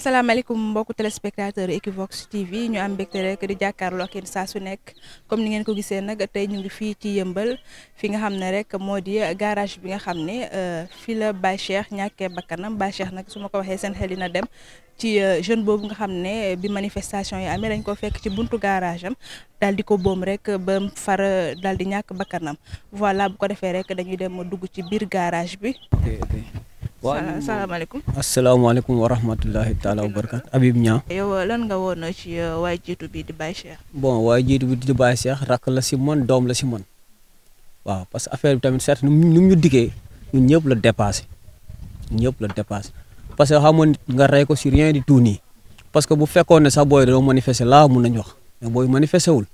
asalaamaaleykum mbokku téléspectateur Equivox TV ñu am mbégte rek di jàkkaarloo ak yéen saa su nekk comme ni ngeen ko gisee nag tey ñu ngi fii ci yëmbal fi nga xam ne rek moo di garage bi nga xam ne euh, fii la Baye ñàkkee bakkanam Baye nag su ma ko waxee seen dina dem ci euh, jeune boobu nga xam ne bi manifestation yi amee dañ ko fekk ci buntu garage am daal di ko boom rek ba far dal di ñàkk bakkanam voilà bu ko defee rek dañuy dem ma dugg ci biir garage bi. waaw salaamaaleykum. asalaamaaleykum wa rahmatullahi taala wa barakaatu Habib Niang. yow uh, lan nga woon uh, ci uh, waay jiitu bi di Baye Cheikh. bon waay jiitu bi di Baye Cheikh rakk la si man doom la si man waaw parce que affaire bi tamit certes nu mu ñu diggee ñun ñëpp la dépassé ñëpp la dépassé parce que xamoon nga rey ko si di du tout parce que bu fekkoon ne sax booy dañoo manifester laa mun nañu wax mais booy manifester wul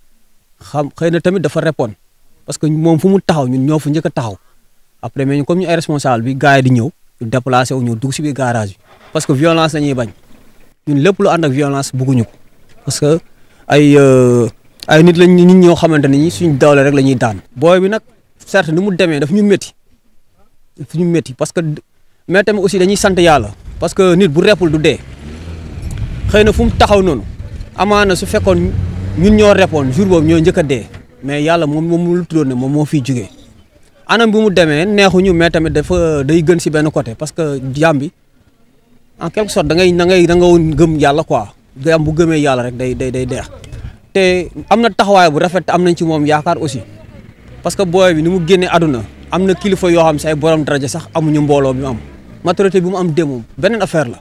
xam xëy na tamit dafa répondre parce que moom fu mu taxaw ñun ñoo fu njëkk a taxaw après mais comme ñu ay bi gars di ñëw. ñu déplacé wu ñu dugg si biir garage parce que violence la ñuy bañ ñun lépp lu ànd ak violence bugguñu ko parce que ay euh, ay nit lañ nit ñoo xamante ni suñ dawle rek la ñuy daan. booy bi nag certes ni mu demee daf ñu métti daf ñu métti parce que mais tamit aussi dañuy sant yàlla parce que nit bu reppul du dee xëy na fu mu taxaw noonu na su fekkoon ñun ñoo reppoon jour boobu ñoo njëkk dee mais yàlla moom moom lu tuddoon ne moom moo fiy jugee. anam bi mu demee neexuñu mais tamit dafa day gën si benn côté parce que jaam en quelque sorte da ngay da ngay da nga gëm yàlla quoi jaam bu gëmee yàlla rek day day day deex te am na taxawaay bu rafet am nañ ci moom yaakaar aussi parce que booy bi ni mu génnee àdduna am na kilifa yoo xam si ay borom daraja sax amuñu mbooloo bi mu am maturité bi mu am démb beneen affaire la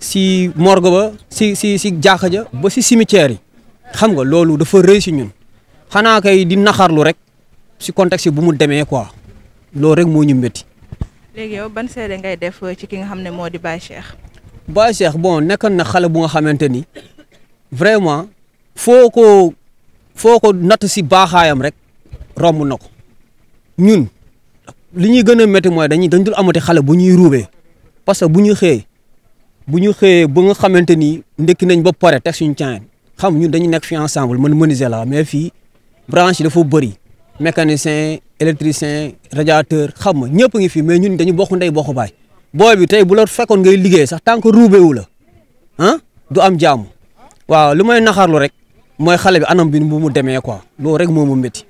si morgue ba si si si jàkka ja ba si cimetière yi xam nga loolu dafa rëy si ñun xanaa kay di naxarlu rek si contexte bu mu demee quoi loolu rek moo ñu métti. léegi yow ban seede ngay def ci ki nga xam ne moo di Baye Cheikh. Baye Cheikh bon nekkoon na xale bu nga xamante ni vraiment foo ko foo ko natt si baaxaayam rek romb na ko ñun li ñuy gën a métti dañuy dañ dul amati xale bu ñuy ruubee parce que bu ñu xëyee bu ñu xëyee ba nga xamante ni ndekki nañ ba pare teg suñu caayin xam ñun dañu nekk fi ensemble man menuisier la mais fii branche dafa bëri. mécanicien électricien radiateur xam ma ñëpp ngi fi mais ñun dañu bokku ndey bokk baay booy bi tey bu la fekkoon ngay liggéey sax tant que ruubewu la ah du am jaamu waaw lu may naxarlu rek mooy xale bi anam bi bu mu demee ko loolu rek moo mu métti.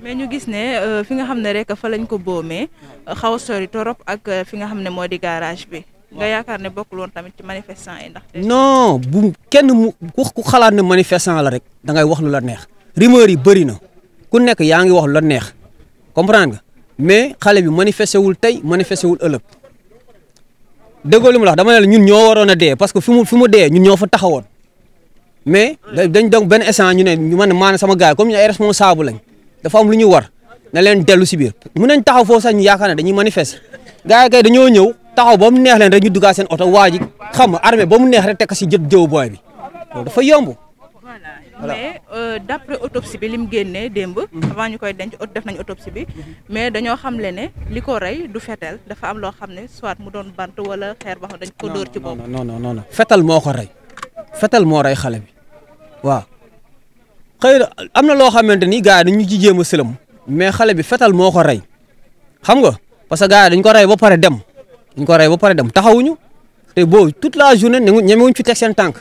mais ñu gis ne euh, fi nga xam ne rek fa lañ ko boomee xaw a sori torop ak euh, fi nga xam ne moo di garage bi. nga yaakaar ne bokkul woon tamit ci manifestant yi ndax. non bu kenn mu ku xalaat ne manifestant la rek da ngay wax lu la neex rumeur yi bëri na. ku nekk yaa ngi wax la neex comprendre mais xale bi manifesté wul tey manifesté wul ëllëg déggoo li mu la dama ne la ñun ñoo waroon a dee parce que fi mu fi mu dee ñun ñoo taxaw woon mais dañ donc benn essan ñu ne man maanaam sama gars comme ñu ay responsable lañ dafa am lu ñu war na leen dellu si biir mun nañ taxaw foo sax ñu yaakaar ne dañuy manifester gars yi kay dañoo ñëw taxaw ba mu neex leen rek ñu duggaat seen oto waa ji xam nga armée mu neex rek teg si jët jëw booy bi dafa yomb mais euh, d' après autopsie bi lim génnee démb. Mhm. avant ñu koy denc def nañ autopsie bi. mais dañoo xamle ne li ko rey du fetel dafa am loo xam ne soit mu doon bant wala xeer ba xam dañ ko dóor ci bopp. non non non non moo ko rey fetel moo rey xale bi waaw xëy am na loo xamante ni gars yi dañu ci jéem a sëlëm mais xale bi fetal moo ko rey xam nga parce que gars dañ ko rey ba pare dem dañ ko rey ba pare dem taxawuñu te boobu toute la journée ñemewuñ fi teg seen tànk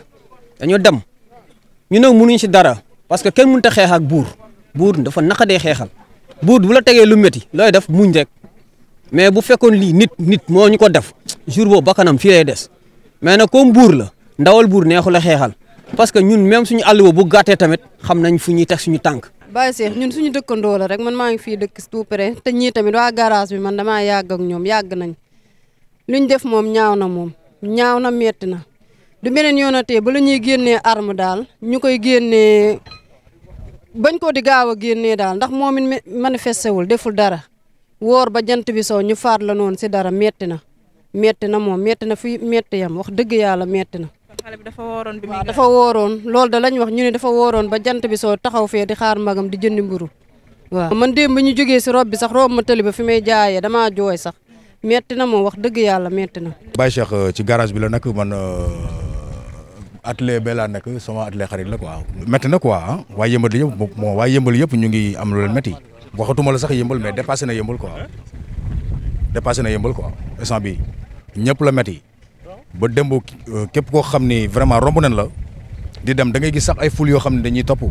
dañoo dem. ñu nag mënuñ si dara parce que kenn mënut a xeex buur buur dafa naqadee xeexal buur bu la tegee lu métti looy def mu rek mais bu fekkoon lii nit nit moo ñu ko def jour boobu bakkanam fii lay des mais nag ko buur la ndawal buur neexul a xeexal parce que ñun même suñu àll bu gàttee tamit xam nañ fu ñuy teg suñu tànk. Baye Cheikh ñun suñu dëkkandoo la rek man maa ngi fii dëkk tout pere te ñii tamit waa garage bi man damaa yàgg ak ñoom yàgg nañ luñ def moom ñaaw na moom ñaaw na metti na. du beneen yoonatee ba la ñuy génnee arme daal ñu koy génnee bañ ko di gaaw a génnee daal ndax moom it manifesté wul deful dara woor ba jant bi soo ñu faat la noon si dara metti na metti na moom metti na fi metti yam wax dëgg yàlla metti na. xale dafa wooroon bi dafa wooroon loolu da lañ wax ñu ne dafa wooroon ba jant bi soo taxaw fee di xaar magam di jëndi mburu waaw man démb ba ñu jógee si rob bi sax rob ma tëli ba fi may jaayee dama jooy sax metti na moom wax dëgg yàlla metti na. Baye Cheikh ci garage bi la nag man. Euh, atelier bee laa nekk sama atelier xarit la quoi metti na quoi ah waaye yëmbal yëpp bon waaye yëmbal yëpp ñu ngi am lu leen métti la sax yëmbal mee dépassé na yëmbal quoi dépassé na yëmbal quoi instant bi ñëpp la métti ba démb euh, képp koo xam ni vraiment romb nañ la di dem da ngay gis sax ay ful yoo xam ne dañuy topp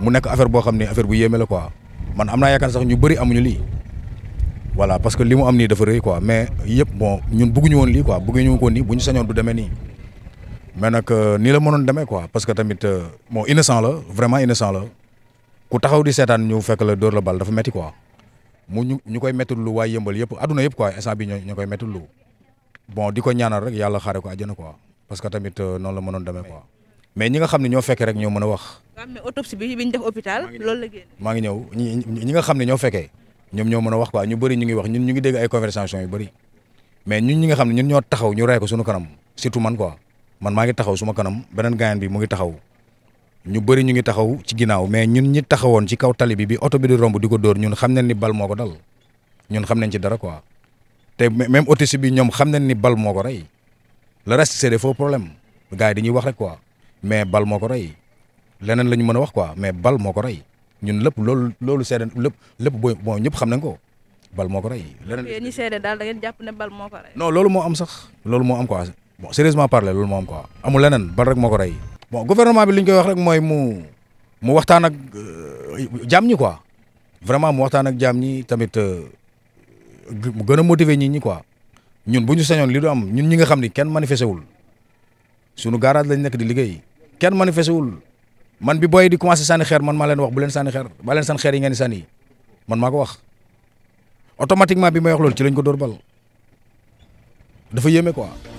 mu nekk affaire boo xam ne affaire bu yéeme la quoi man am na yaakaar sax ñu bëri amuñu lii voilà parce que li mu am nii dafa rëy quoi mais yëpp bon ñun bëgguñu woon lii quoi bëgguñu ko nii bu ñu sañoon du demee nii. mais nag euh, nii la mënoon demee quoi parce que tamit moo euh, innocent la vraiment innocent la ku taxaw di seetaan ñu fekk la dóor la bal dafa metti quoi mu ñu ñu koy métti lu waaye yëmbal yëpp adduna yëpp quoi instant bi ñu koy métti lu bon di ko ñaanal rek yàlla xaare ko àjjana quoi parce que tamit euh, noon la mënoon demee quoi mais ñi nga xam ne ñoo fekkee rek ñoo mën a wax. waaw mais autopsie bi ñu ngi ñëw ñi ñi nga xam ne ñoo fekkee ñoom ñoo mën a wax quoi ñu bëri ñu ngi wax ñun ñu ngi dégg ay conversation yu bëri mais ñun ñi nga xam ne ñun ñoo taxaw ñu rey ko suñu kanam surtout man quoi man maa ngi taxaw suma kanam beneen gaayan bi mu ngi taxaw ñu bëri ñu ngi taxaw ci ginnaaw mais ñun ñi taxawoon ci kaw tali bi bi oto bi di romb di ko dóor ñun xam nañ ni bal moo ko dal ñun xam nañ ci dara quoi te même autiste bi ñoom xam nañ ni bal moo ko rey le reste c'est des faux problèmes gars wax rek quoi mais bal moo ko rey leneen la ñu mën a wax quoi mais bal moo ko rey ñun lépp loolu loolu seede lépp lépp booy bon ñëpp xam nañ ko bal moo ko rey. leneen ñi daal da ngeen moo loolu moo am sax loolu moo am quoi bon sérieusement parler loolu moo am quoi amul leneen ban rek moo ko rey. bon gouvernement bi li ñu koy wax rek mooy mu mu waxtaan ak euh, jàmm ñi ko vraiment mu waxtaan ak jàmm ñi tamit euh, mu gën a motiver nit ñi quoi ñun bu ñu sañoon li du am ñun ñi nga xam ni kenn manifesté wul sunu garage lañ nekk di liggéey kenn manifesté wul man bi booy di commencé sànni xeer man maa leen wax bu leen sànni xeer ba leen sànni xeer yi ngeen di man maa ko wax automatiquement bi ma wax loolu ci lañ ko dóor bal dafa yéeme quoi.